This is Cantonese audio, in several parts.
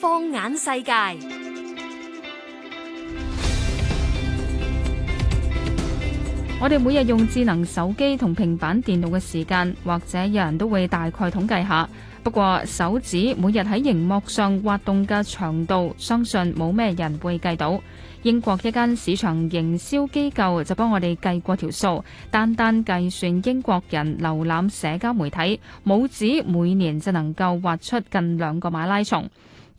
放眼世界，我哋每日用智能手機同平板電腦嘅時間，或者有人都會大概統計下。不過，手指每日喺螢幕上滑動嘅長度，相信冇咩人會計到。英國一間市場營銷機構就幫我哋計過條數，單單計算英國人瀏覽社交媒體，拇指每年就能夠滑出近兩個馬拉松。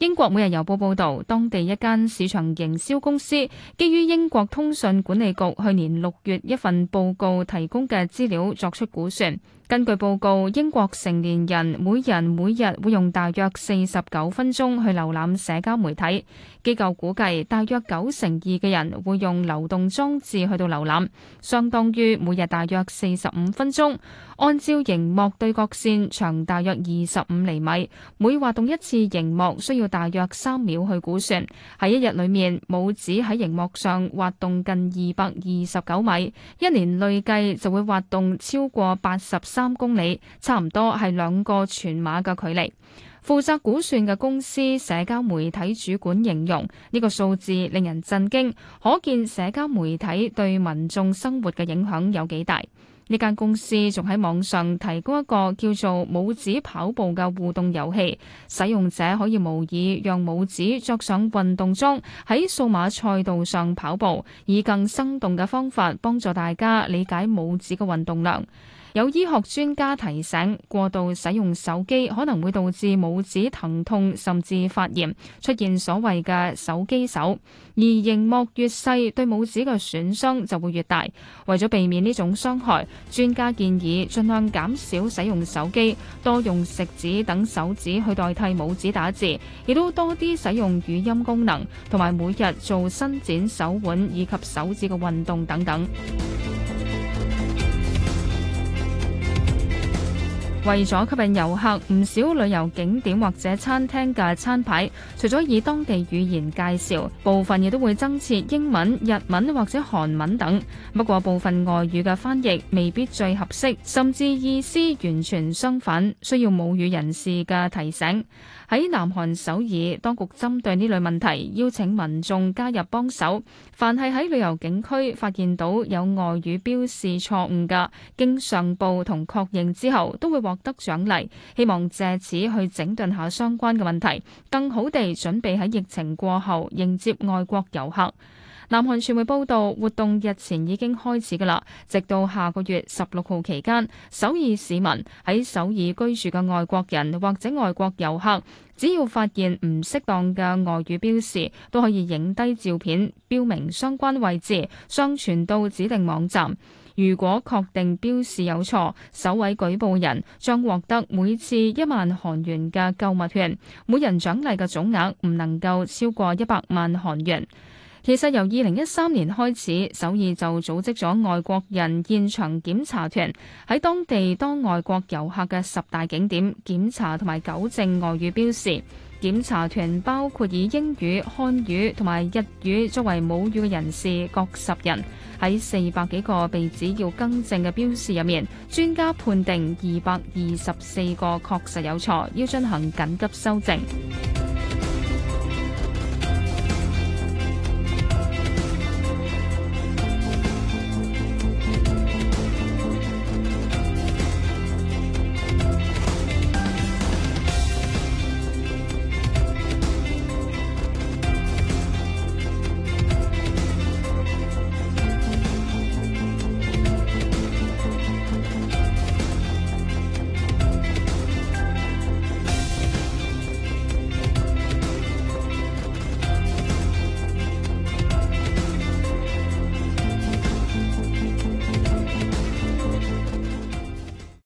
英國每日郵報報道，當地一間市場營銷公司基於英國通訊管理局去年六月一份報告提供嘅資料作出估算。根據報告，英國成年人每人每日會用大約四十九分鐘去瀏覽社交媒體。機構估計，大約九成二嘅人會用流動裝置去到瀏覽，相當於每日大約四十五分鐘。按照熒幕對角線長大約二十五厘米，每滑動一次熒幕需要。大約三秒去估算，喺一日裏面，拇指喺熒幕上滑動近二百二十九米，一年累計就會滑動超過八十三公里，差唔多係兩個全馬嘅距離。負責估算嘅公司社交媒體主管形容呢個數字令人震驚，可見社交媒體對民眾生活嘅影響有幾大。呢間公司仲喺網上提供一個叫做拇指跑步嘅互動遊戲，使用者可以模擬讓拇指着上運動裝，喺數碼賽道上跑步，以更生動嘅方法幫助大家理解拇指嘅運動量。有醫學專家提醒，過度使用手機可能會導致拇指疼痛，甚至發炎，出現所謂嘅手機手。而螢幕越細，對拇指嘅損傷就會越大。為咗避免呢種傷害，專家建議盡量減少使用手機，多用食指等手指去代替拇指打字，亦都多啲使用語音功能，同埋每日做伸展手腕以及手指嘅運動等等。為咗吸引遊客，唔少旅遊景點或者餐廳嘅餐牌，除咗以當地語言介紹，部分亦都會增設英文、日文或者韓文等。不過部分外語嘅翻譯未必最合適，甚至意思完全相反，需要母語人士嘅提醒。喺南韓首爾，當局針對呢類問題，邀請民眾加入幫手，凡係喺旅遊景區發現到有外語標示錯誤嘅，經上報同確認之後，都會獲獲得獎勵，希望借此去整頓下相關嘅問題，更好地準備喺疫情過後迎接外國遊客。南韓傳媒報道，活動日前已經開始㗎喇，直到下個月十六號期間，首爾市民喺首爾居住嘅外國人或者外國遊客，只要發現唔適當嘅外語標示，都可以影低照片，標明相關位置，上傳到指定網站。如果確定標示有錯，首位舉報人將獲得每次一萬韓元嘅購物券，每人獎勵嘅總額唔能夠超過一百萬韓元。其實由二零一三年開始，首爾就組織咗外國人現場檢查團，喺當地當外國遊客嘅十大景點檢查同埋糾正外語標示。檢查團包括以英語、漢語同埋日語作為母語嘅人士各十人，喺四百幾個被指要更正嘅標示入面，專家判定二百二十四個確實有錯，要進行緊急修正。